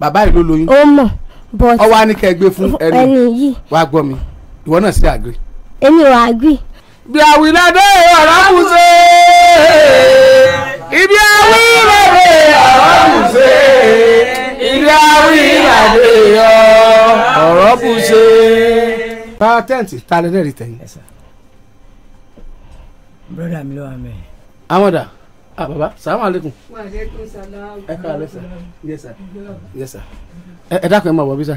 bàbá yìí ló lóyún. ó mọ̀ but ọwọ́ á ní kẹ́ ẹ gbé fún ẹni yìí wàá gbọ́ mi ìwọ náà sì agree. èmi ò agree. bí àwìlàdé ọ̀rọ̀ kù sí ibi àwìlàdé ọ̀rọ̀ kù sí ibi àwìlàdé ọ̀rọ̀ kù sí. bá tẹ́ǹtì ta lẹ́lẹ́rìí tẹ̀yìn. broda mi ló wà mẹ́rin. amọ̀dà ah baba salamu aleykum. wa aleykum salaam. ẹ ká alẹ́ sà yes sà yes sà ẹ dákun ẹ máa wọ bí sà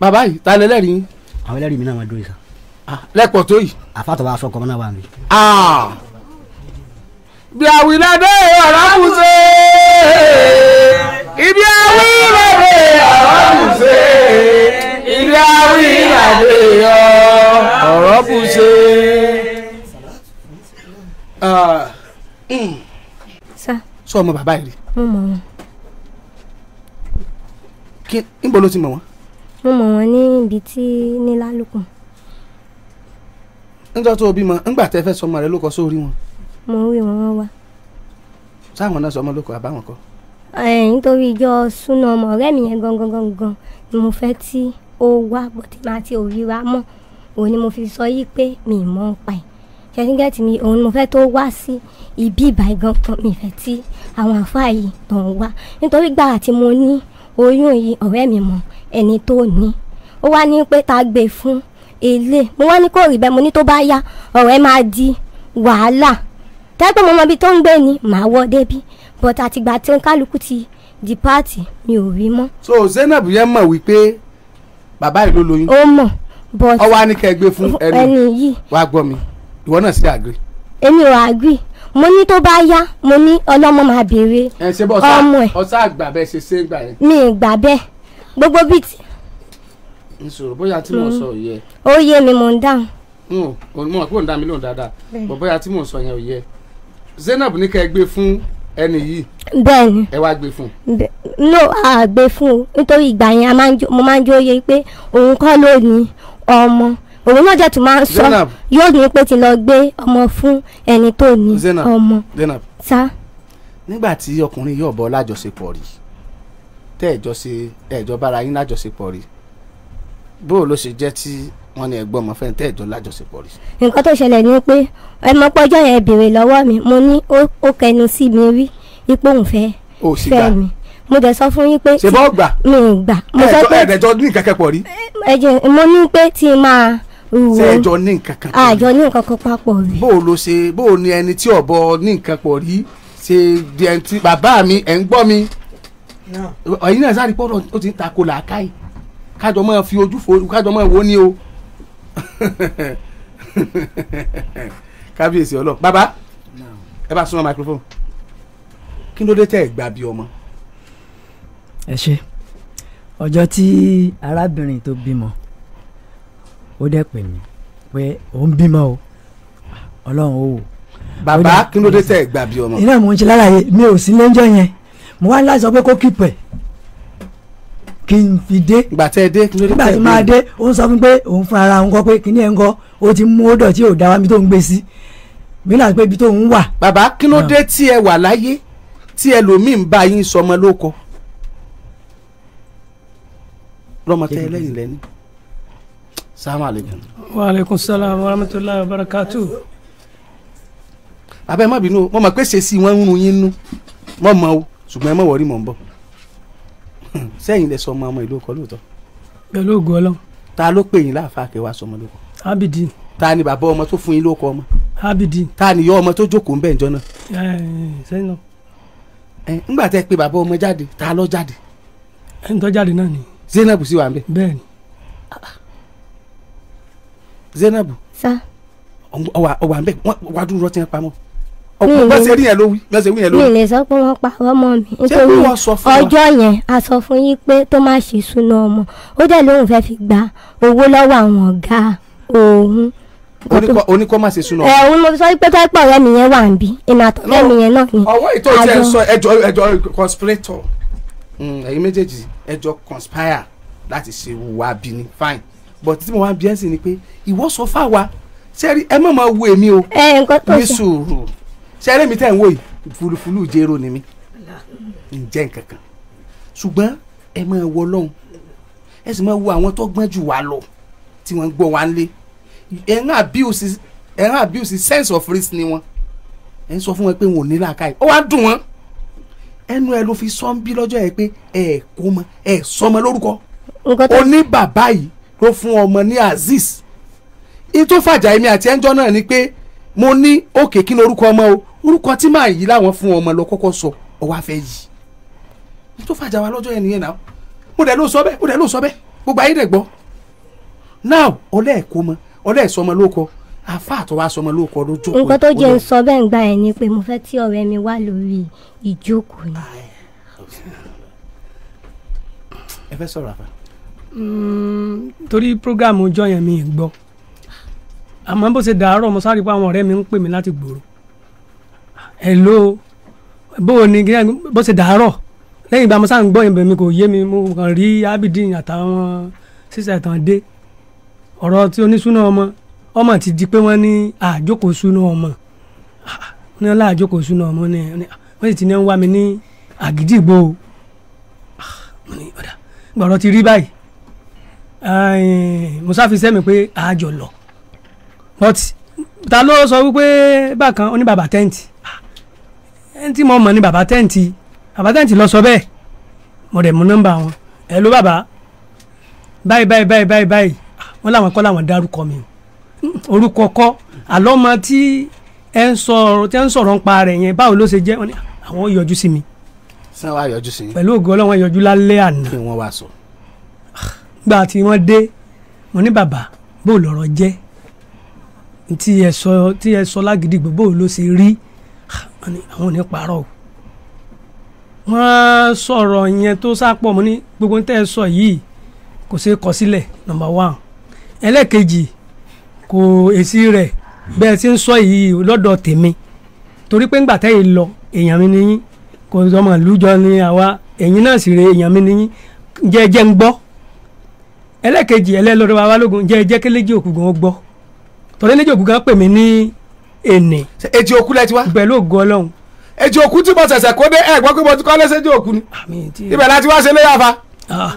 bàbá yìí ta lẹ́lẹ́rìí yín. àwọn ẹlẹ́rìí mi náà máa dóye sà. Ah, lẹ́pọ̀ tó yìí. àfàtọ̀ bá aṣọ kọ́ náà wà mí. Ah! bí àwìn náà dé ọ̀rọ̀ ibi àwìn náà dé ọ̀rọ̀ ibi àwìn náà dé. sọ ọmọ bàbá yìí rí. mo mọ̀ wọn. kí níbo ló ti mọ̀ wọ́n. mo mọ̀ wọ́n ní ibi tí ní lálùkùn. níjọ́ tó o bímọ ńgbà tẹ́ fẹ́ sọmọ rẹ ló kọ sórí wọn. mo rí wọn wọn wá. sáwọn náà sọmọ ló kọ àbáwọn kọ. nítorí ìjọ súná ọmọ ọ̀rẹ́ mi yẹn gangan gangan ni mo fẹ́ tí ó wá bọ̀tí máa ti òrí wa mọ́ òun ni mo fi sọ yí pé mi ì mọ̀ ń pa ẹ̀ ṣẹ́ńgẹ́tì mi òun ni mo fẹ́ tó wá sí ibi ìbàgàn kan mi ìfẹ́ tí àwọn àfáà yìí tó wá nítorí gbàrà tí mo ní oyún yìí ọ̀rẹ́ mi mọ̀ ẹni tó ní ó wá ní pé ta gbé fún ilé mo wá ní kó rí bẹ́ẹ̀ mo ní tó bá yá ọ̀rẹ́ máa di wàhálà tẹ́gbọ́n mo mọ ibi tó ń gbé ni màá wọ débi but àtìgbà tí kálukú ti di páàtì mi ò rí mọ́. so Zainab yẹn mọ̀ wípé bàbá yìí ló lóyún. ó mọ̀ but ọwọ́ á gbé fún ẹni yìí wàá gbọ́ mi ìwọ náà sì àgbè. èmi ò àgbè mo ní tó bá yá mo ní ọlọ́mọ máa béèrè ọmọ ẹ̀ ọ̀sá àgbà bẹ́ẹ̀ ṣe ṣe ń gbà yẹn. mi ìgbà bẹ́ẹ̀ gbogbo bíi ti. n sọ̀rọ̀ bóyá tí mo sọ yẹ. ó yé mi mò ń dáhùn. mo mọ̀ pé òun dá mi lóhùn dáadáa bọ̀ bóyá tí mo sọ yẹn ò Zainab ní ká ẹ gbé fún ẹni yìí. bẹ́ẹ̀ni ẹ wá gbé fún. no a gbé fún o nítorí ìgbà yẹn mo máa ń jóye pé òun kọ́ ló ní ọmọ òun náà jẹ́ tó máa ń sọ yóò ní pé ti lọ gbé ọmọ fún ẹni tó ní ọmọ sá. nígbà tí ọkùnrin yóò bọ lájọṣepọ̀ rí tẹ́ ẹ̀jọ́ ṣe ẹ̀jọ́ bára yín lájọṣepọ̀ rí bó ló ṣe jẹ́ tí wọ́n ní ẹ̀gbọ́n ọmọ fẹ́ẹ́ tẹ́ ẹ̀jọ́ lájọṣepọ̀ rí. nǹkan tó ṣẹlẹ̀ ni pé ẹmọ pọ́jọ́ yẹn béèrè lọ́wọ́ mi mo ní ó kẹnu sí mi rí ipò òun fẹ́ fẹ́ mi mo dẹ̀ sọ fún yín pé. ṣe bọ́ gbà. mi gbà. mo sọ pé ẹ̀ẹ́dẹ̀jọ́ ní ìkẹ́kẹ́ pọ̀ rí. ẹ̀jẹ̀ mo ní pé tí máa ṣe ẹjọ ní nǹkan kan. àjọ ah, ní nǹkan kan papọ̀ rí. bó o lo ṣe bó o ní ẹni tí ọ̀bọ ní nǹkan pọ̀ rí ṣe di ẹni tí bàbá mi ẹ̀ ń gbọ́ mi. ẹ̀yin náà sáré pọ́nrọ̀ ó ti ń takò làákàyè kájọ máa fi ojú fo kájọ máa wo ni o. kábíyèsí ọlọ bàbá ẹ bá súnmọ́ microphone kí ló dé tẹ́ ẹ̀ gbà bí ọmọ. ẹ ṣe ọjọ́ tí arábìnrin tó bímọ ó dẹ̀ pè mí pé òun bímọ o ọlọ́run ó wò. bàbá kí ló dé tẹ̀ gbàbí ọmọ. iná mò ń ṣe lálàyé mi ò sí lẹ́jọ́ yẹn mo wá láti sọ pé kó kípẹ́ kí n fi dé. ìgbà tẹ́ dé kí ló dé tẹ́ ẹ dé. ìgbà tí máa dé ó ń sọ fún pé òun fúnra ara òun kọ pé kíní ẹ̀ ń kọ ó ti mú ó dọ̀tí ò dá wa mi tó ń gbé sí mi là ń pé ibi tó ń wà. bàbá kí ló dé tí ẹ wà láyé tí ẹlòmíì ń bá yín sọmọ lóko lọmọ tẹ ẹ salaamaaleykum. waaleykum salaam wa rahmatulahi barakatu. abẹ́ ma binu mo Ma pé ṣèṣì wọn ń run yín nú mọ̀ o ṣùgbọ́n ẹ mọ̀ wọ́rí mọ̀ ń bọ̀ sẹ́yìn lẹ sọ ọmọ ọmọ ìlú ọkọ lóòótọ́. pẹ̀lú ògùn ta ló pè yín láàfáà kẹwàá sọmọ lóko. abidin. ta ni bàbá ọmọ tó fún yín lóko ọmọ. abidin. ta ni yọ ọmọ tó jókòó ń bẹ̀ náà. ẹ ńgbà tẹ pé bàbá ọmọ jáde ta jáde. ẹni tó jáde náà ni. zainab sì wà zainabu. sa. ọwà ọwà ń bẹ wàá dúró rọtí yẹn pamọ́. ọkùnrin bá ṣe rí yẹn ló wí bá ṣe wí yẹn ló wí. mi lè sọ pé wọ́n pa ọmọ mi nítorí ọjọ́ yẹn a sọ fún yín pé tó má ṣe súná ọmọ ó dẹ̀ lóun fẹ́ fi gba owó lọ́wọ́ àwọn ọ̀gá òun oníkọ́ má ṣe súná. ẹ mo sọ pé tó pọ̀ ọ̀rẹ́ mi yẹn wà ń bí èmi mi yẹn náà ni. ọwọ́ ìtọ́ ti sọ ẹjọ́ ẹjọ́ conspirator hmm, ẹ̀yin méjèèjì ẹjọ́ conspire láti ṣe wùwà bíi ni fine but tí mo wá bí ẹ́ sì ni pé ìwọ sọ fáwa sẹ́rí ẹ má máa wo èmi o ní sùúrù sẹ́rí mi tẹ̀ ń wò yìí fulufulu jẹ́rọ ni mi ń jẹ́ nǹkan kan ṣùgbọ́n ẹ máa wọ lọ́hùn ẹ sì máa wo àwọn tó gbọ́n jù wá lọ tí wọ́n gbọ́ wá lé ẹ̀rán abuse ẹ̀rán abuse sense of risk ni wọn ẹ̀ ń sọ fún wọn pé wọn ò ní làákàyè ó wá dùn wọn ẹnu ẹ ló fi sọ ń bí lọ́jọ́ yẹn pé ẹ kó mọ ẹ sọmọ lórúkọ oní bàbá yìí ló fún ọmọ ní azeez in tó fàjà èmi àti ẹnjọ náà ni pé mo ní òkè kí ni orúkọ ọmọ o orúkọ tí màá yí láwọn fún ọmọ lọ kọ́kọ́ sọ ọwọ́ afẹ́ yìí in fàjà wa lọ́jọ́ yẹn nìyẹn náà mo dẹ̀ ló sọ bẹ́ẹ̀ mo dẹ̀ ló sọ bẹ́ẹ̀ gbogbo ayé dẹ̀ gbọ́ now ọlẹ́ ẹ̀kọ́ mọ ọlẹ́ ẹ̀sọmọ ló kọ àfa àtọwà sọmọ ló kọ lójó. nǹkan tó jẹ́ ń sọ bẹ́ẹ̀ ń gbà ẹ̀ ni pé mo fẹ́ tí ọ̀rẹ́ mi wá lórí ìjókòó ni. ẹ fẹ́ sọ̀rọ̀ àfa. Mm torí programu ọjọ́ yẹn mi gbọ́ àmọ́ bó ṣe dàárọ̀ mo sáré pé àwọn ọ̀rẹ́ mi ń pè mí láti gbòòrò hello bó o ní bó ṣe dàárọ̀ lẹ́yìn ìgbà mo sá ń gbọ́ yẹn bẹ̀ mi kò yé mi mo kàn rí Abidin àtàwọn sísè tán dé ọ̀rọ̀ tí oníṣúná ọmọ ọmọ ti di pé wọ́n ní àjókòó súná ọmọ ní ọlá àjókòó súná ọmọ ní wọ́n sì ti ní wá mi ní àgídìgbò ọ̀dà gbọ̀rọ̀ ti rí báyìí musa fi sẹ́mi pé àjọ lọ but ta ló sọ wípé bákan ó ní bàbá tẹ́ǹtì ẹni tí mo mọ̀ ní bàbá tẹ́ǹtì bàbá tẹ́ǹtì lọ sọ bẹ́ẹ̀ mo dẹ̀ mú nọ́mbà wọn ẹ̀ ló bàbá báyìí báyìí báyìí báyìí báyìí wọ́n làwọn kọ́ làwọn dárúkọ mi orúkọ kọ́ àlọ́ ọmọ tí ẹ ń sọ̀rọ̀ tí ẹ ń sọ̀rọ̀ ń pa rẹ̀ yẹn báwo ló ṣe jẹ́ àwọn yọjú sí mi. sẹ́wọ́n á sí mi. pẹ̀lú ògo ọlọ́wọ́n yọjú lálẹ́ àná. kí wọ́n wá sọ gbà tí wọ́n dé mo ní bàbá bó lọ́rọ̀ jẹ́ tí ẹ sọ tí ẹ sọ lágídígbò bó ló ṣe rí ah, àwọn ò ní parọ́ o wọ́n sọ̀rọ̀ yẹn tó sápọ̀ mo ní gbogbo tẹ́ ẹ sọ yìí kò ṣeé kọ sílẹ̀ nọ́mbà one ẹlẹ́ẹ̀kejì kò èsì rẹ̀ bẹ́ẹ̀ ti ń sọ yìí lọ́dọ̀ tèmi torí pé ńgbà tẹ́yìn lọ èèyàn mi nìyí kò sọmọ ìlú ni àwa ẹ̀yin náà sì rè èèyàn mi nìyí jẹ́ jẹ́ ń gbọ́ ẹlẹ́ẹ̀kejì ẹlẹ́lọ́dọ̀ bàbá lógun jẹ́ jẹ́ kéléjì òkú gan gbọ́ tọ́lẹ́ léjì òkú gan pè mí ní ènì. etí òkú lẹ ti wá. pẹ̀lú ògo ọlọ́run. etí òkú tí mo ṣẹ̀ṣẹ̀ kó dé ẹ̀ gbọ́ pé mo ti kọ́ lẹ́sẹ̀ etí òkú ni. ibẹ̀ láti wá ṣe léyàfa. Ah,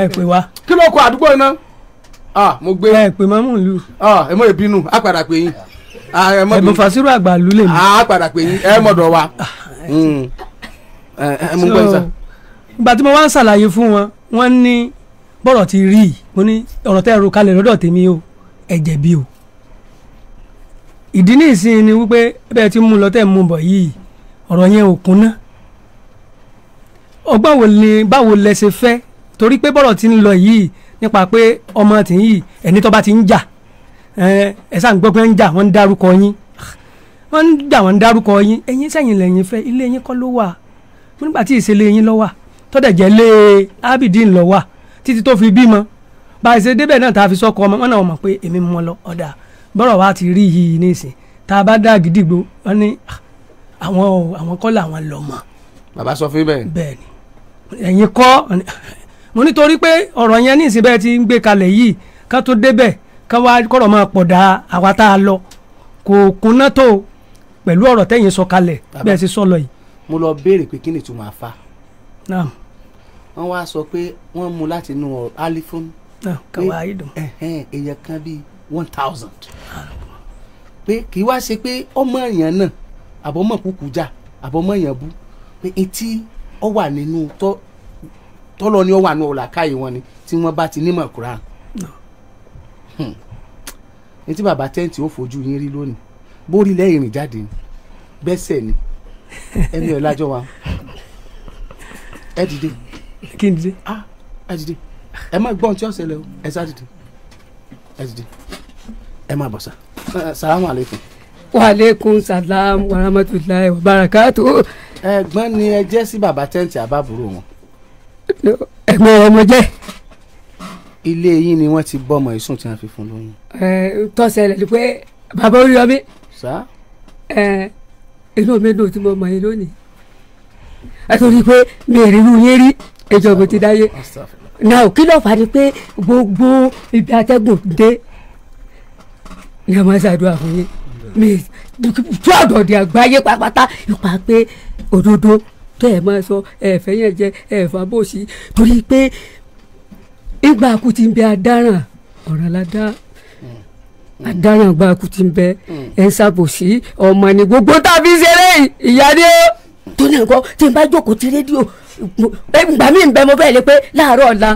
ẹ pè wá. kí ló kọ àdúgbò náà. Ah, mo gbé. ẹ pè mọ́mú ìlú. Ah, ẹ mọ ìbínú á padà pè yín. ẹ̀bùn fàṣírò àgbà lù lè mí. á padà pè yín ẹ mọ̀dọ̀ wa. Hmm. ẹ mú bọ́rọ̀ ti rí i mo ní ọ̀rọ̀ tẹ́ ro kalẹ̀ lọ́dọ̀ tèmi o ẹ̀jẹ̀ bí o ìdí ní ìsìn ni wípé bẹ́ẹ̀ ti mú lọ tẹ́ mú bọ̀ yìí ọ̀rọ̀ yẹn ò kúnná ọgbọ́n wo ni báwo lẹ ṣe fẹ́ torí pé bọ́rọ̀ ti ń lọ yìí nípa pé ọmọ tì ń yìí ẹni tó bá ti ń jà ẹ sáà ń gbọ́ pé ń jà wọ́n ń dárúkọ yín wọ́n ń jà wọ́n ń dárúkọ yín ẹ̀yin sẹ́yìn lẹ́yìn fẹ́ ilé yín kọ́ ló wà nígbà tí ìṣẹ̀lẹ̀ yín ló tọ́dẹ̀ jẹ́ lé Abidin ló títí tó fi bímọ báyìí ṣe débẹ̀ náà tá a fi sọ́kọ ọmọ wọn náà mọ̀ pé èmi mọ lọ ọ̀dà bọ́rọ̀ wa ti rí yìí nísìn tá a bá dá gidigbo wọn ní ah, àwọn àwọn kọ́ làwọn lọ mọ̀. bàbá sọ fún bẹ́ẹ̀. bẹ́ẹ̀ni ẹ̀yin kọ́ mo nítorí pé ọ̀rọ̀ yẹn nísìn bẹ́ẹ̀ ti ń gbé kalẹ̀ yìí ká tó débẹ̀ ká wá kọ̀rọ̀ máa pọ̀ dá àwa tá a lọ kò kúnná tó pẹ̀lú ọ̀rọ̀ tẹ́yin sọ kalẹ̀ bẹ́ẹ̀ ti sọ lọ yìí. mo lọ béèrè pé kí ni ìtumọ̀ àfa. naam wọ́n wá sọ pé wọ́n mú láti inú alifon. kàn wá èèyàn kan bíi one thousand. pé kì í wá ṣe pé ọmọ èèyàn náà àbọ̀mọ̀ kúkú já àbọ̀mọ̀ èèyàn bú pé etí ọ wà nínú tọ́lọ ni ọ wà nínú ọ̀làkàyè wọn ni tí wọ́n bá ti nímọ̀ Kùránì. etí hmm. bàbá tẹ́ǹtì ó fojú yín rí lónìí bórí lẹ́yìn rìn jáde ni bẹ́sẹ̀ ni ẹni ọ̀làjọ wa ẹ dìde kí n dìde. ah ẹ dìde ẹ má gbọ́n tí ó ṣẹlẹ̀ o ẹ sá dìde ẹ dìde ẹ má bọ̀ sá salamu aleykum. wa aleykum salam wa rahmatulahi wa barakatu. ẹ̀gbọ́n ni ẹ jẹ́ sí bàbá tẹ́ǹtì àbábúrò wọn. ẹ̀gbọ́n ọmọ jẹ́. ilé yín ni wọ́n ti bọ́mọ ìsùn tí wọ́n fi fún lóyún. ẹ tó ṣẹlẹ̀ ni pé bàbá orí ọmí. sá. ẹ inú mi dùn tí mo mọ̀ yín lónìí. ẹ torí pé mi ò rí irú yín rí kejì ògbó ti dáyé náà kí ló fà á ni pé gbogbo ibi atẹ́gùn dé ni máa ṣàdúrà fún yín mi tó àdọ̀dẹ̀ àgbáyé pátápátá ipa pé òdodo tẹ́ ẹ̀ máa sọ ẹ̀fẹ́ yẹn jẹ ẹ̀fà bòsí torí pé ìgbà kù ti ń bẹ adáràn ọ̀ràn la dá adáràn gbà ń bẹ hmm. ẹ̀ ń ṣàbòsí ọmọ ni gbogbo tàbí ṣeré ìyá ni ó tó náà kọ́ tí n bá jókòó ti rédíò ìgbà mi ń bẹ mo bẹ́ẹ̀ lé pé láàárọ̀ ọ̀la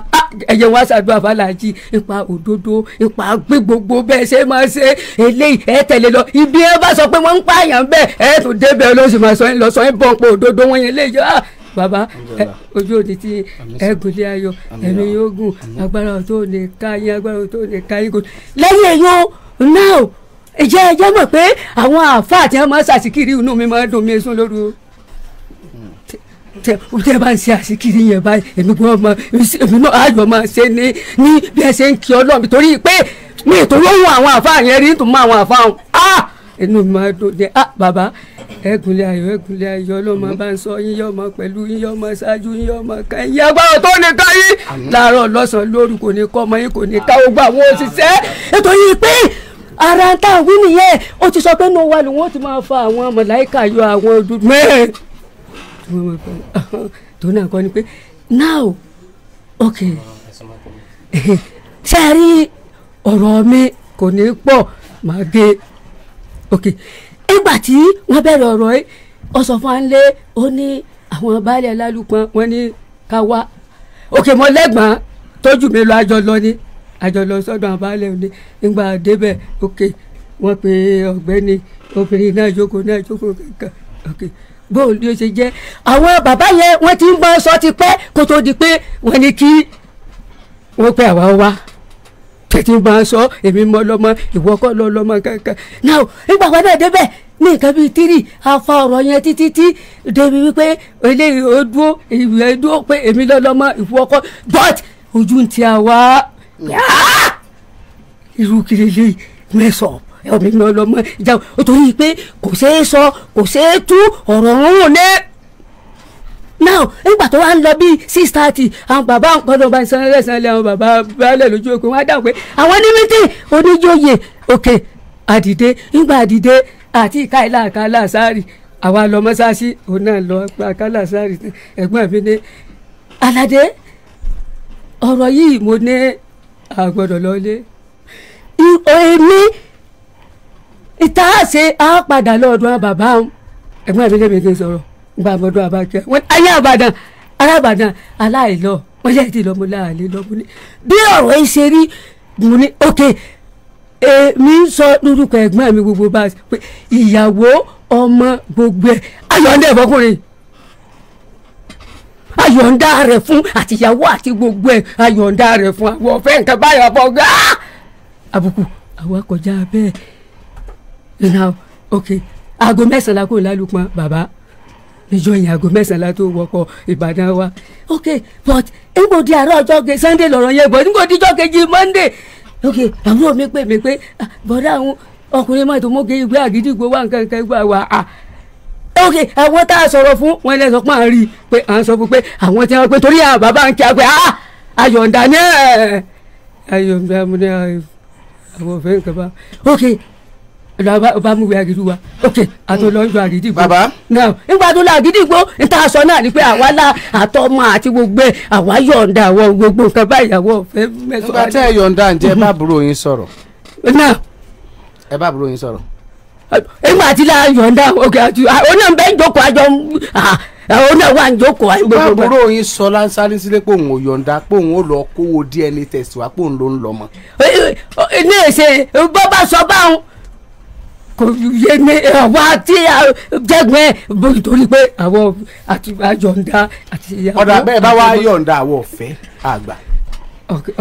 ẹ̀yẹ̀ wá ṣàdúrà fàlàjì ipa òdodo ipa gbé gbogbo bẹ́ẹ̀ ṣe máa ṣe eléyìí ẹ tẹ̀lé lọ ibi ẹ bá sọ pé wọ́n ń pààyàn bẹ́ẹ̀ ẹ tún débẹ̀ ló máa sọ yín lọ sọ yín bọ̀ pé òdodo wọn yẹn léyìí ah, bàbá ojú òde tí ẹgùnlé ayọ̀ ẹ̀mí yóò gùn agbára tó lè ká yín agbára tó lè ká yín gùn lẹ́yìn èèyàn náà ìjẹ́ ẹjẹ́ mọ̀ pé àwọn àáfàá àti àwọn sàṣìkiri inú mi máa dùn mí sún lóru tẹ tẹ bá ń ṣe àṣekiri yẹn báyìí èmi gbọ́dọ̀ mọ èmi náà ayọ̀ máa ṣe ní ní bí ẹ ṣe ń kí ọlọ́run torí pé mi ì tó lóhùn àwọn àfa yẹn rí tó mọ àwọn àfa ọ̀hún ah inú mi máa dùn dé ah bàbá ẹgúnlẹ̀ ayọ̀ ẹgúnlẹ̀ ayọ̀ ọlọ́mọ bá ń sọ yín yọmọ pẹ̀lú yín yọmọ ṣáájú yín yọmọ kan yín agbára tó ní ká yín láàárọ̀ lọ́sàn-án kò ní kọ́ ọmọ yín kò ní ká gbogbo àwọn òṣìṣẹ́ ètò yìí pé ara tá a wí nìyẹn ó ti sọ pé nù wà lóun ó ti máa fa àwọn màláìkà yọ àwọn dùdú mẹ́rin wọ́n máa fẹ́ tó náà kọ́ ni pé now ok ṣe é rí ọ̀rọ̀ mi kò ní pọ̀ màá gé ok nígbà tí wọ́n bẹ̀rẹ̀ ọ̀rọ̀ yìí ọ̀sán fanlé ó ní àwọn baálẹ̀ alálùpọ̀n wọ́n ní ká wá ok mo lẹ́gbọ̀n tójú mi lọ àjọ lọ ni àjọ lọ sọ́dọ̀ àwọn baálẹ̀ òní nígbà débẹ̀ ok wọ́n pe ọ̀gbẹ́ni obìnrin náà jókòó náà jókòó kankan ok. okay bóòlù yóò ṣe jẹ́ àwọn bàbá yẹn wọ́n ti ń bọ́ sọ ti pẹ́ kó tó di pé wọ́n ní kí wọ́n pẹ́ àwa wá tètè máa sọ èmi mọ lọmọ ìwọ kọ́ lọ lọmọ kankan náà nígbà wọn náà débẹ̀ ní nǹkan bíi tírì afa ọ̀rọ̀ yẹn títí tí débi wípé eléyìí ó dúró ìwé dúró pé èmi lọ lọmọ ìwọ kọ́ but ojú ń ti àwa irú kiri lè mẹsàn-án ọmọ ìlú ọlọmọ ìjà o torí pé kò ṣeé sọ kò ṣeé tú ọ̀rọ̀ ọ̀hún ò lé now nígbà tó wá ń lọ bíi six thirty àwọn bàbá ọ̀pọ̀lọpọ̀ bá ń san ẹlẹ́sàn lé àwọn bàbá balẹ̀ lójú ogun wọn á dáhùn pé àwọn ní meeting oníjóyè òkè àdìdé nígbà àdìdé àti ìkáìlà àkàlà sáárì àwa lọ mọ́sáàsì òun náà lọ àkàlà sáárì ẹ̀gbọ́n mi ní aládé ọ̀rọ̀ yìí mo ní àgbọ̀dọ̀ lọ́lé èmi ìta àṣe á padà lọ́ọ̀dún bàbá wọn ẹ̀gbọ́n mi lèmi kì í sọ̀rọ̀ gba ọmọdún abájẹ wọn ayé àbàdàn arábàdàn aláìlọ wọn yẹ ti lọmọ láàlẹ lọmọ ní bí ọ̀rọ̀ yìí ṣe rí mo ní ok èmi ń sọ lórúkọ ẹ̀gbọ́n mi gbogbo bá pé ìyàwó ọmọ gbogbo ẹ ayọ̀ǹda ẹ̀fọ́kùnrin ayọ̀ǹda rẹ̀ fún àtìyàwó àti gbogbo ẹ ayọ̀ǹda rẹ̀ fún àwọn ọ̀fẹ́ nǹkan báyọ̀ fọ́ gbá àbùkù àwọn akọjá bẹ́ẹ̀ now okay aago mẹ́sàn-án la kò lálùpọ̀ Baba. níjọ́ yẹn aago mẹ́sàn-án la tó wọkọ̀ ìbàdàn wa okay but nígbò di àárọ̀ ọjọ́ kejì sunday lọ̀rọ̀ yẹn bọ̀ nígbò díjọ́ kejì monday okay àbúrò mi pè mí pé ah, bọ̀dá àwọn ọkùnrin mọ́tò mọ́kè ìgbé àgídìgbò wà nǹkan kan gbà wá à ah. ok àwọn tá a sọ̀rọ̀ fún wọn lẹ́sọ̀ pé à ń rí i pé à ń sọ fún pé àwọn tí wọ́n pé torí àwọn bàbá ń kí a pé à ah, ayọ̀ǹda ní ẹ̀ ayọ̀ǹda mo ní àwọn òfin kaba ok lọ bá mú wa ok àti olóńjọ àgídìgbò. bàbá. náà nígbà tó lọ àgídìgbò sọ náà ni pé àwa la àtọmọ àti gbogbo ẹ àwa yọ̀ǹda gbogbo nǹkan bá ìyàwó ọ̀fẹ́ mẹ́sàn-án. nígbà tẹ́ ẹ yọ̀ǹda ǹjẹ́ ẹ bá àbúrò yín sọ̀rọ̀. ẹ bá yín sọ̀rọ̀. la yọ̀ǹda ok àti àjọ náà wà jókòó gbogbo. yín sọ sílé pé òun ò yọ̀ǹda pé DNA test pé òun lọ mọ. bọ́ kò yé mi ọwọ́ àti jẹ́gbẹ́ torí pé àwọn àti àjọ̀ǹda àti ìyàwó. ọ̀dà bẹ́ẹ̀ bá wá yọ̀ǹda àwọn ọ̀fẹ́ àgbà.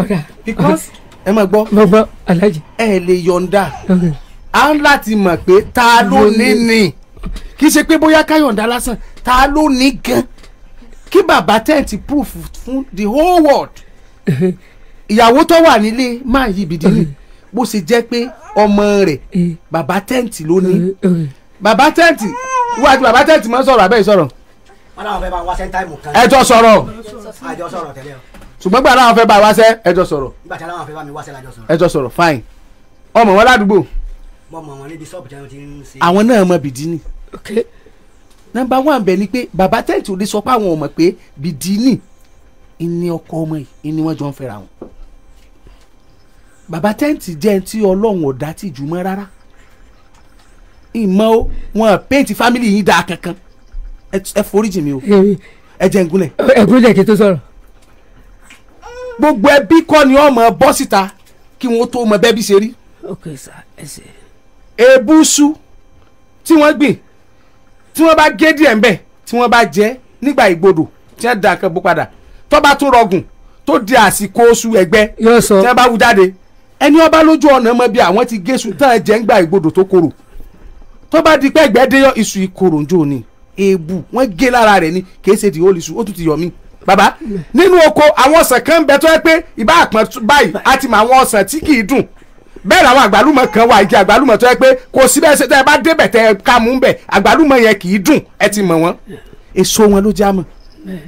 ọ̀dà because ẹ máa gbọ́. mo gbọ́ aláàjì. ẹ lè yọ̀ǹda à ń láti mọ̀ pé ta ló ní ni kì í ṣe pé bóyá ká yọ̀ǹda lásán ta ló ní gan kí bàbá tẹ̀ǹtì proof fún the whole world ìyàwó tó wà nílé máa yí ibi dín ní bó ṣe jẹ́ pé ọmọ rẹ̀ bàbá tẹ́ǹtì ló ní bàbá tẹ́ǹtì wọ́n àti bàbá tẹ́ǹtì máa ń sọ̀rọ̀ abẹ́ ìsọ̀rọ̀. wọ́n náà fẹ́ bá wá sẹ́ńtà ìmọ̀ kan. ẹjọ́ sọ̀rọ̀ àjọ sọ̀rọ̀ ṣùgbọ́n gbà láwọn fẹ́ bá wa sẹ́ ẹjọ́ sọ̀rọ̀. ẹjọ́ sọ̀rọ̀ fine ọmọ wọn ládùúgbò. bọ́mọ wọn níbi sọ́ọ̀bù tí wọ́n ti ń ṣe. àwọn náà mọ bìdínì. nọ́mbà wà bẹ̀ ni pé bàbá tẹ́ǹtì ò lè sọ pé àwọn ò mọ̀ pé bìdínì ìní ọkọ ọmọ yìí ìní wọ́n jọ ń fẹ́ra wọn bàbá tẹ́ǹtì jẹ́ ẹni tí ọlọ́run ọ̀dá tì jù mọ́ rárá ìmọ̀ o wọn péǹtì fámìlì yín dáa kankan ẹ foríjì mi o ẹ jẹ́ ngúnlẹ̀. ẹ̀gúnlẹ̀ kí tó sọ̀rọ̀. gbogbo ẹbí kọ́ ni ọmọ bọ́ síta kí wọ́n tó mọ bẹ́ẹ̀ bí ṣe rí. ok sir ẹ ṣe. èbùsù tí wọ́n gbìn tí wọ́n bá gé díẹ̀ ńbẹ̀ tí wọ́n bá jẹ́ nígbà ìgbodò tí wọ́n da kan bó padà tó bá tún rọgùn tó di àsìkò oṣù ẹgbẹ́ tí wọ́n bá wú jáde ẹni ọba lójú ọ̀nà mọ bí àwọn ti gẹ̀ẹ́sù tán jẹ́ ń gba ìgbodò tó korò tó bá di pé ẹgbẹ́ déyọ iṣu ìkoròjò ni èèbù wọ́n gé lára rẹ̀ ni kì í ṣe ti holy su ó tún ti yọ̀ mí bàbá nínú oko àwọn ọsàn kan ń bẹ tó yẹ pé ìbá àpọn báyìí àti mọ àwọn ọsàn tí kì í dùn bẹ́ẹ̀ làwọn àgbálùmọ̀ kan wà igi àgbálùmọ̀ tó yẹ pé kò síbẹ̀ ṣe tẹ́ ẹ bá débẹ̀ tẹ́ ẹ ká mú bẹ̀ àgbálùmọ̀ yẹn kì dùn ẹ ti mọ̀ wọ́n èso wọn ló já mọ̀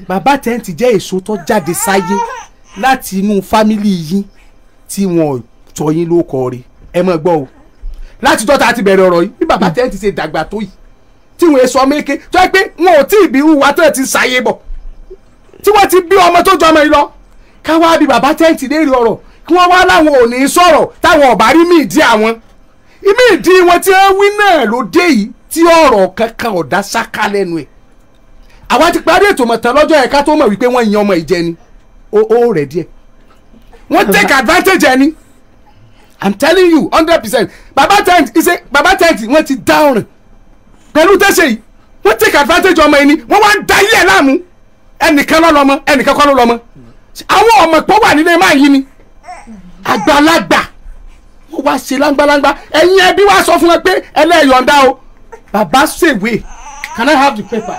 bàbá tẹ́ǹtì jẹ́ èso tó jáde sáyé láti inú fámìlì yín tí wọn ò sọ yín ló kọ rí ẹ mọ̀ gbọ́ o láti tọ́ta ti bẹ̀rẹ̀ ọ̀rọ̀ yìí bí bàbá tẹ́ ti ṣe dàgbà tó yìí tí wọ́n sọ méke tó yẹ pé wọn ò tí ì bí wúwa tó yẹ ti ṣàyè bọ̀ tí wọ́n ti bí ọmọ tó jọ ọmọ yìí lọ káwá bí bàbá tẹ́ ti léèrè ọ̀rọ̀ kí wọ́n wá láwọn ò ní sọ̀rọ̀ táwọn ọ̀bá rí mí ìdí àwọn ìmí ìdí wọn tí wọ́n wí náà ló dé yìí tí ọ̀rọ̀ kankan ọ̀dá ṣáká lẹ́nu ẹ̀ àwa ti parí ètò mọ̀tàn lọ́jọ́ ẹ̀ka tó mọ̀ wípé wọ́n yan ọmọ ìjẹni ó rẹ̀ díẹ̀ wọ́n take advantage ẹni i'm telling you hundred percent baba tent say baba tent wọ́n ti dáhùn pẹ̀lú tẹ́sẹ̀ yìí wọ́n take advantage ọmọ ẹni wọ́n wá ń da ilé ẹ̀ láàmú ẹnìkan ló lọ́mọ ẹnìkan kọ́ ló lọ́mọ àwọn ọmọ pọ̀ wà nílé máa yí ni àgbàlagbà wọ́n wá ṣe lágbàlagbà ẹ̀yin ẹbí wá sọ fún wọn pé ẹlẹ́yọ̀ǹda o bàbá ṣèwé can i have the paper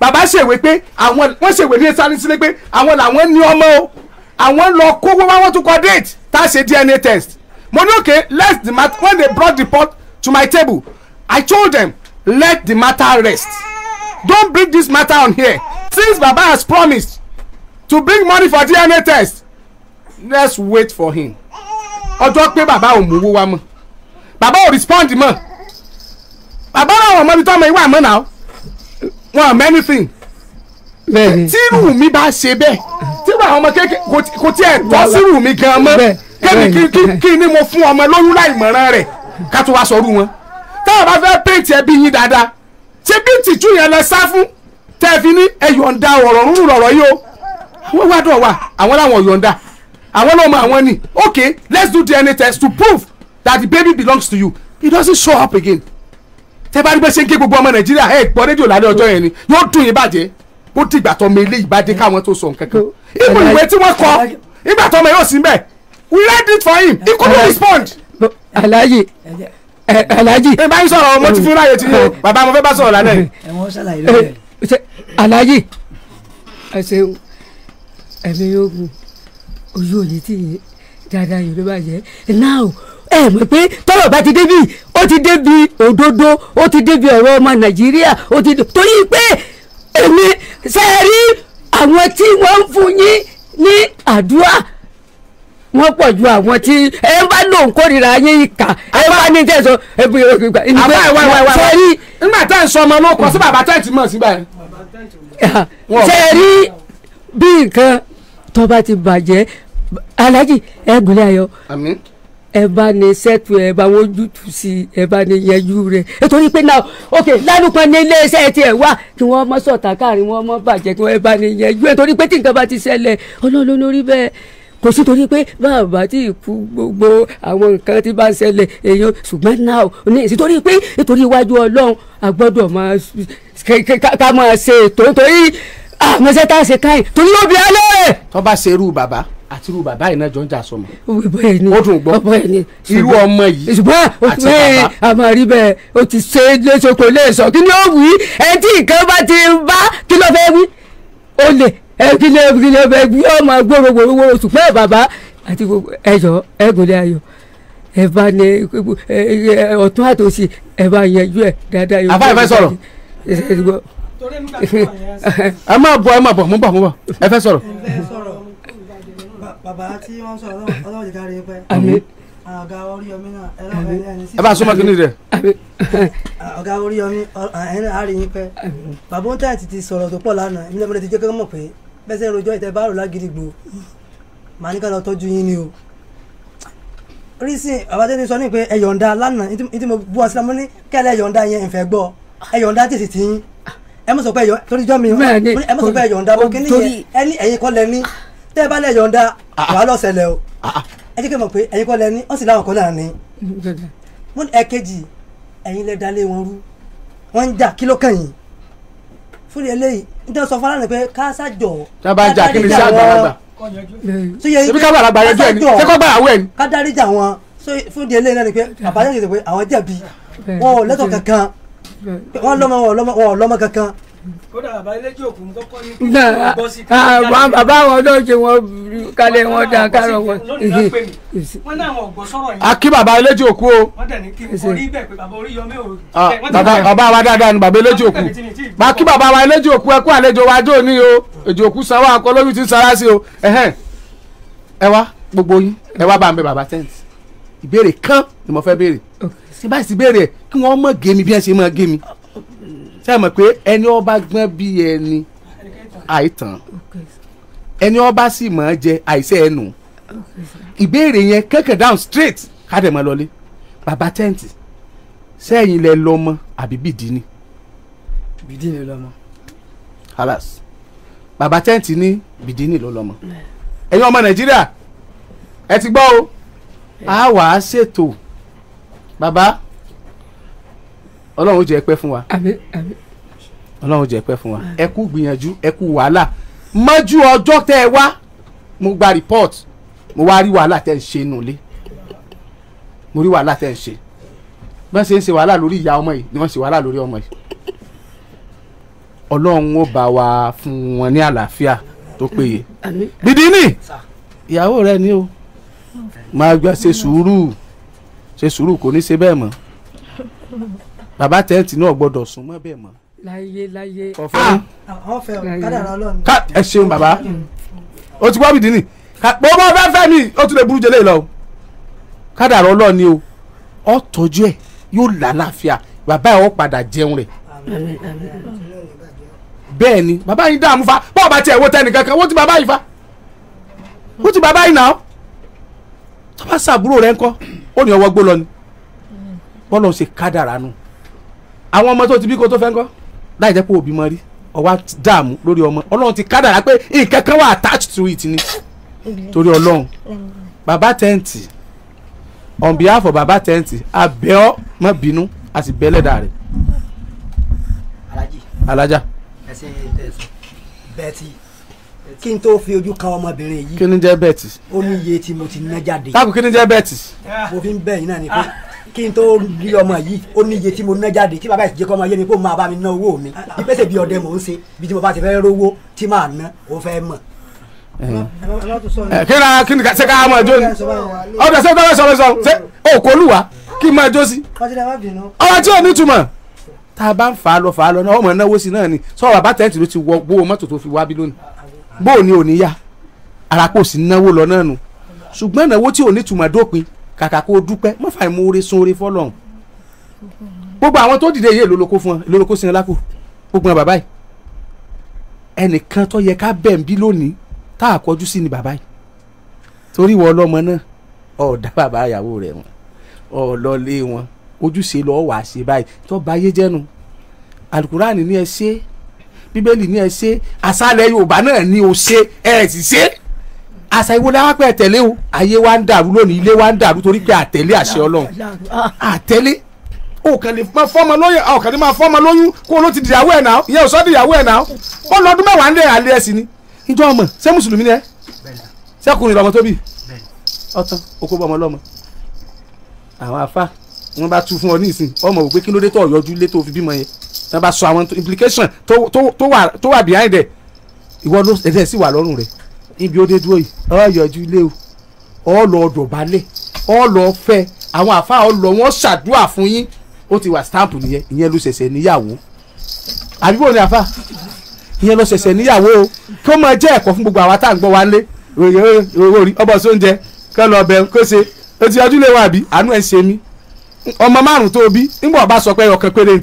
bàbá ṣèwé pé àwọn wọ́n ṣèwé ní sáré sílé pé àwọn làwọn ní ọmọ o àwọn lọ kó wọ́n wá wọ́n tún kọ date tá a ṣe dna test Monoke, let the matter when they brought the pot to my table i told them let the matter rest don't bring this matter on here since baba has promised to bring money for dna test let's wait for him ọjọ́ pé bàbá ò mú owó wá mọ́ bàbá ò respond mọ́ Baba náà wọ̀n mọ́ ibi tó ọmọ ìwà mọ́ náà wọn mọ anything tí Wùmí bá ṣe bẹ́ẹ̀ tí wọ́n ọmọ kékeré kò tiẹ̀ tọ́ sí Wùmí gan mọ́ kéènì kí ni mo fún ọmọ lóyún láì mọ̀ràn rẹ̀ ká tó wá sọ̀rọ̀ wọn táwọn bá fẹ́ péǹtì ẹbí yín dáadáa ṣé bí tìjú yẹn lẹ sá fún tẹ́ ẹ fi ní ẹ̀yọ̀ǹda ọ̀rọ̀ rúrù lọ̀rọ̀ yìí o àwọn wádọ̀ wà àwọn làwọn yọ̀ǹda àwọn lọ́mọ àwọn ni okay let's do DNA test to prove that the baby belongs to you He doesn't show up again tẹ́ bá rí bẹ́ẹ̀ ṣe ń ké gbogbo ọmọ nàìjíríà ẹ̀ gbọ́ rédíò lálẹ́ ọjọ́ yẹn ni yóò dùn yín bàjẹ́ ó dìgbà tó ọmọ ilé ìbàdí káwọn tó sọ nǹkan kan ibùdó ìwé tí wọ́n kọ ìgbà tó yóò sí mbẹ́ we read it for him he couldn't respond. alaji eh, alaji. ẹ bá ń sọ̀rọ̀ mo ti fún láyé tí yóò eh, bàbá mo fẹ́ bá sọ̀rọ̀ lálẹ́ yìí. ẹ wọ́n ṣàlàyé eh, alaji ẹ ṣeun ẹ̀mí yóò gùn ojú òní tì yín dáadáa yìí ló bàjẹ́ now ẹ mọ̀ pé tọ́rọ̀ bá ti débi ó ti débi òdodo ó ti débi ọ̀rọ̀ ọmọ nàìjíríà ó ti torí pé èmi ṣe é rí àwọn tí wọ́n ń fún yín ní àdúrà wọ́n pọ̀ ju àwọn tí ẹ bá lòun kórìíra ayé ìkà ẹ bá ní tẹ̀sán ẹ bí ìgbà ìgbà sẹ́rí. nígbà tá à ń sọ ọmọ náà kọ sí bàbá tẹ́ǹtì mọ̀ síbà yẹn. sẹ́rí bí nǹkan tó bá ti bàjẹ́ aláàjì ẹ ayọ̀ ẹ bá ní sẹ́tù ẹ bá wọn jútù sí ẹ bá ní yẹjú rẹ nítorí pé náà ok lálùpọ̀ ní iléeṣẹ́ tiẹ̀ wá kí wọ́n mọ́ sọ̀tà káàrin wọ́n mọ́ bàjẹ́ kí wọ́n ẹ bá ní yẹjú ẹ torí pé tí nǹkan bá ti ṣẹlẹ̀ ọlọ́run lórí bẹ́ẹ̀ kò sí torí pé bàbá tí ìkú gbogbo àwọn nǹkan tí bá ń ṣẹlẹ̀ èèyàn ṣùgbọ́n náà ní èsì torí pé nítorí iwájú ọlọ́run a gbọ́dọ̀ máa ká máa ṣe ètò nítorí àmọ́ ṣe tá a ṣe káyìn torí ó bí alẹ́. tó bá ṣe irú bàbá àti irú bàbá yìí náà jọ ń jà sọmọ. ó dùn gbọ́ irú ọmọ yìí àti bàbá. àmọ́ rí bẹ́ẹ̀ o ti ṣe é léṣe kò kí ni ó wí ẹ tí nǹkan bá ti bá kí ló fẹ́ wí. o lè ẹgbìlẹ̀ ẹgbìlẹ̀ ẹgbẹ́ ọmọ gbòòrò gbòòrò ṣùgbọ́n bàbá àti gbogbo ẹ̀yọ́ ẹ̀gúnlẹ̀ ayọ̀ ẹ bá ní ọ̀tún àtòsí ẹ bá yanjú ẹ̀ dáadáa yóò. àfa ẹ fẹ́ sọ̀rọ̀ ẹ máa bọ̀ ẹ máa bọ̀ mo bọ̀ mo bọ̀ ẹ fẹ́ sọ̀rọ̀. bàbá tí wọ́n sọ ọlọ́run ìka rẹ̀ pẹ́. àmín. ọ̀gá Oríyọmí náà ẹ lọ́wọ́ ẹ lẹ́yìn sí. ẹ bá a súnmọ́ kí ni rẹ̀. ọ̀gá Oríyọmí ẹ̀rín àárín yín pẹ́. bàbá ó tẹ̀ ti sọ̀rọ̀ tó pọ̀ lánàá ilé ọmọdé ti jẹ́ kí wọ́n mọ̀ pé bẹ́sẹ̀ rojọ́ ìtẹ́ bá rò lágídígbò màá ní ká lọ tọ́jú yín ni o rísìn àbátẹ́ni sọ ní pé ẹ yọ̀ǹda lánàá ní mo bú ọsẹ mo ní kẹ́lẹ́ ẹ yọ̀ǹda yẹn ìfẹ́ gbọ́ ẹ yọ̀ǹda tètè tí yín ẹ mọ̀ sọ pé ẹ̀yọ̀ torí jọ́ mi ẹ mọ̀ sọ pé ẹ yọ̀ǹda mo kí ni yẹn ẹ ní ẹ̀yin kọ́ lẹ ní tẹ́ ẹ bá lẹ yọ̀ǹda wàá lọ ṣẹlẹ̀ o ah, ah. ẹ jẹ́ kí n mọ̀ pé ẹ̀yin kọ́ lẹ ní ọ̀sìn láwọn kan náà ní. mo ní ẹ̀kejì ẹ̀yin lẹ dalé wọn rú wọ́n ń jà kí ló kàn yín fúnni eléyìí nítorí sọ fọlá rẹ pé ká ṣàjọ. tí a bá jà kí ni sí àgbàlagbà ṣebí ká bàrà gbàyànjú ẹ ni ṣé kó gbàyàwó ẹ ni. ká dáríjà wọn fúnni eléyìí náà ni pé bàbá yẹn ti sọ pé àwọn jẹ̀bi wọn ò lẹ́tọ̀ kankan wọn lọ́mọ wọn ò lọ́mọ kankan. kódà bàbá ilé jókòó kọ́kọ́ ní. Ah, bàbá àwọn ọdọ́ ṣe wọn kálẹ̀ wọn dá kárọ̀ wọn. wọ́n náà wọn ò gbọ́ sọ̀rọ̀ yẹn. a kí bàbá eléjì òkú o. wọ́n tẹ̀lé kí n kò rí bẹ́ẹ̀ pé bàbá o. Ah, wa dáadáa ni bàbá eléjì òkú. máa kí wa eléjì òkú ẹ àlejò wa jó ní o èjò òkú sanwó akọlóyún ti sara sí o. ẹ wá gbogbo yín ẹ wá bá mi bàbá tẹ́ǹtì ìbéèrè kan ni mo fẹ́ béèrè ṣé báyìí sí béèrè ẹ kí wọ́n mọ̀ gé mi bí ẹ ṣe mọ̀ gé mi ṣé ẹ mọ̀ pé ẹni ọba gbọ́n bí ẹni àìtàn ẹni ọba sì mọ̀ ọ́ jẹ àìsẹ́ ẹnu ìbéèrè yẹn kẹ́kẹ́ down straight kádẹ̀ mọ́ lọlé bàbá tẹ́ǹtì sẹ́yìn lẹ lọ́mọ àbí bìdí ni. bìdí ni lọ́mọ. halas bàbá tẹ́ǹtì ní bìdí ni ló lọ́mọ ẹ̀yin ọmọ nàìjíríà ẹ ti gbọ́ o a wà á ṣètò bàbá ọlọ́run jẹ́ pẹ́ fún wa ọlọ́run jẹ́ pẹ́ fún wa ẹ kú gbìyànjú ẹ kú wàhálà mọ́jú ọjọ́ tẹ́ ẹ wá mo gba report mo wá rí wàhálà tẹ́ ń ṣe nù lé mo rí wàhálà tẹ́ ń ṣe bí wọ́n ṣe ń ṣe wàhálà lórí ìyá ọmọ yìí ni wọ́n ṣe wàhálà lórí ọmọ yìí ọlọ́run ó bá wa fún wọn ní àlàáfíà tó péye dídí ni ìyàwó rẹ ni o máa gba ṣe sùúrù ṣe sùúrù kò ní ṣe bẹ́ẹ̀ mọ́ bàbá tẹ́ǹtì náà gbọ́dọ̀ sún mọ́ bẹ́ẹ̀ mọ́ láyé láyé. ọ̀fẹ́ ah! Ah, ọ̀fẹ́ kádàrá ọlọ́run. ẹ ṣeun bàbá mm. o ti wá bìdí nì bó bá fẹ́ fẹ́ mi ó tún lè burú jẹlé lọ o kádàrá ọlọ́run ni o ọ tọ́jú ẹ̀ yóò lálàáfíà bàbá ẹ̀ ó padà jẹun rẹ̀ bẹ́ẹ̀ ni bàbá yìí dààmú fa bọ́ọ̀ bá tiẹ̀ wo tẹ́ nìkankan wọ́n ti bàbá yìí fa wọ́n ti bàbá yìí nà ó tó bá sàbúrò rẹ̀ ńkọ́ ó ní ọwọ́ gbó lọ ni mm. bọ́ọ̀lù ṣe kádàrá nù àwọn ọmọ tó ti bí kó tó fẹ́ ńkọ́ láì jẹ́ pé òbí mọ rí ọwọ́ dààmú lórí ọmọ ọlọ́run ti kádàrá pé nǹkan kan wà attached to it ni torí ọlọ́run bàbá tẹ́ǹtì on behalf of bàbá tẹ́ǹtì abẹ́ ọ́ má bínú a sì bẹ́ lẹ́dàá rẹ̀. alájà. bẹ́ẹ̀tì kí n tó fi ojú kan ọmọbìnrin yìí. kí ni jẹ́ bẹ́ẹ̀tì. ó ní iye tí mo ti ná jáde. táàbù kí ni jẹ́ bẹ́ẹ̀tì. mo fi ń bẹ̀ yín náà ni pé. Ah kí n tó rí ọmọ yìí ó ní iye tí mo ná jáde tí bàbá ìsìnjẹ́ kọ́ ọmọ yé ni kó máa bá mi ná owó mi ìpèsè bí ọdẹ mò ń ṣe bí tí mo bá ti fẹ́ rówó tí màá ná ó fẹ́ mọ̀. kí ni kí ni ṣe ká máa jó ni ọ̀dọ̀ ṣe tọ́lẹ̀ sọ̀rọ̀ sọ̀rọ̀ ṣe òkú olúwa kí máa jó sí. ọ̀rọ̀ tí ò ní túmọ̀ tá a bá ń fà lọ fà lọ náà ọmọ náwó sí náà ni sọ̀rọ̀ bàbá tẹ́ǹtì ló ti wọ gbówó mọ́tò tó fi wá bí lónìí bóò ni ò ní yá àràpò sí náwó lọ náà nù ṣùgbọ́n náwó tí ò ní túmọ̀ dópin kàkà kó o dúpẹ́ má fà mú oore sun oore fọlọ́run gbogbo àwọn tó dìde yìí lóloko fún ọ lóloko sin lápò gbogbo àwọn bàbá yìí ẹnìkan tó yẹ ká bẹ̀ bí lónìí tá a kọjú sí ni bàbá yìí torí ìwọ ọlọ́mọ náà ọ̀ọ́dá bàbá ìyàwó rẹ̀ wọn ọ̀ọ́lọ́lé wọn ojúṣe lọ́ọ́ wàá ṣe báyìí tó bá yé jẹ́nu alukurani ni ẹ ṣe bíbélì ni ẹ ṣe àṣálẹ̀ yorùbá náà ni ò ṣe ẹ sì ṣe àṣà ìwọlé wa pẹ́ tẹ̀lé o ayé wa ń dàrú lónìí ilé wa ń dàrú torí pé àtẹ̀lé àṣẹ ọlọ́run àtẹ̀lé o kàn lè máa fọ́mọ lóyún o kàn lè máa fọ́mọ lóyún kó o ló ti dìyàwó ẹ̀ náà ìyẹn ò sọ́ dìyàwó ẹ̀ náà ó lọ ọdún mẹ́wàá ń lé àlẹ́ ẹ̀ sí ni ìjọ ọmọ ṣé mùsùlùmí ni ẹ sẹ́kùnrin lọmọ tóbi ọtán okó bọmọ lọmọ àwọn afa wọn bá tú fún ọ ní ìsìn ọmọ òwe kí ló dé tó ọyọjú lé tó fi bímọ yẹn wọn bá sọ àwọn implication tó wà behind ẹ ìwọ ló ẹ ibi ó dé dúró yìí ọ yọjú ilé o ọ lọ dọ̀bálẹ̀ ọ lọ fẹ́ àwọn àfa ọ lọ wọ́n ṣàdúrà fún yín ó ti wà stamp nìyẹn ìyẹn ló ṣẹ̀ṣẹ̀ níyàwó àbíbò ni àfa ìyẹn ló ṣẹ̀ṣẹ̀ níyàwó o kí ó máa jẹ́ ẹ̀kọ́ fún gbogbo àwa tá à ń gbọ́ wa lé orí ọbọ̀ sóúnjẹ kẹ́ lọ bẹ̀ kó ṣe o ti ọdún lè wà bí àánú ẹ̀ ń ṣe mí ọmọ márùn tó bí nígbà ọba sọ pé ọkàn péré ń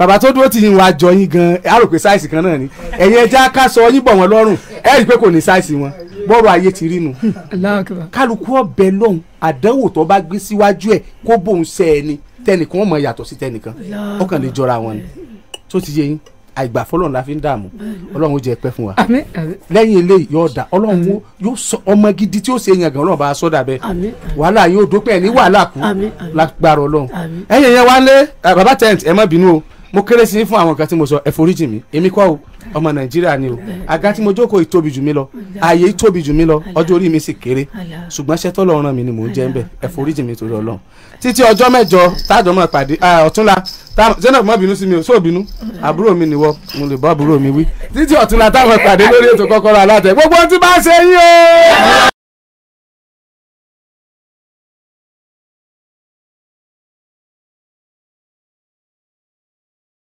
bàbá tó dúró ti ń wa jọ yín gan a rò pé sáìsì kan náà ni ẹ̀yin ẹja ká sọ yín bọ̀ wọ́n lọ́rùn ẹ rí i pé kò ní sáìsì wọn bọ́rọ̀ ayé ti rí nu. kálukú ọbẹ̀ lọ́hùn àdánwò tó bá gbé síwájú ẹ̀ kó bóun sẹ́ ẹ ni tẹnìkan mọ̀ yàtọ̀ sí tẹnìkan ọkàn lè jọra wọn ni tó ti yé yín àìgbà fọlọ́run la fi ń dààmú ọlọ́run ó jẹ́ pẹ́ fún wa lẹ́yìn eléyìí yóò dà ọlọ́run yóò sọ ọmọ gidi tí ó ṣe yàn gan ọlọ́run bá a sọ́dà bẹ́ẹ̀ wàhálà yóò dópin ẹ̀ ní wàhálà kú lágbára ọlọ́run ẹ̀yìn yẹn wá lé bàbá tẹ̀ǹtì ẹ̀ má bínú o mo kéré sí fún àwọn kan tí mo sọ ẹ foríjì mi èmi kọ́ o ọmọ nàìjíríà ni o àga tí mo jókòó ìtóbi jù mí lọ ààyè ìtóbi jù mí lọ ọjọ́ orí mi sì kéré ṣùgbọ́n ṣẹ́ tọ́lọ́run ràn mí ni mò ń jẹ́ ń bẹ̀ ẹ foríjì mi torí ọlọ́run títí ọjọ́ mẹ́jọ tájọ́ máa pàdé ọ̀túnla Zainab má bínú sí mi sóò bínú àbúrò mi nìwọ mo lè bá àbúrò mi wí títí ọ̀túnla táwọn pàdé lórí ètò kọ́kọ́rọ́ alátẹ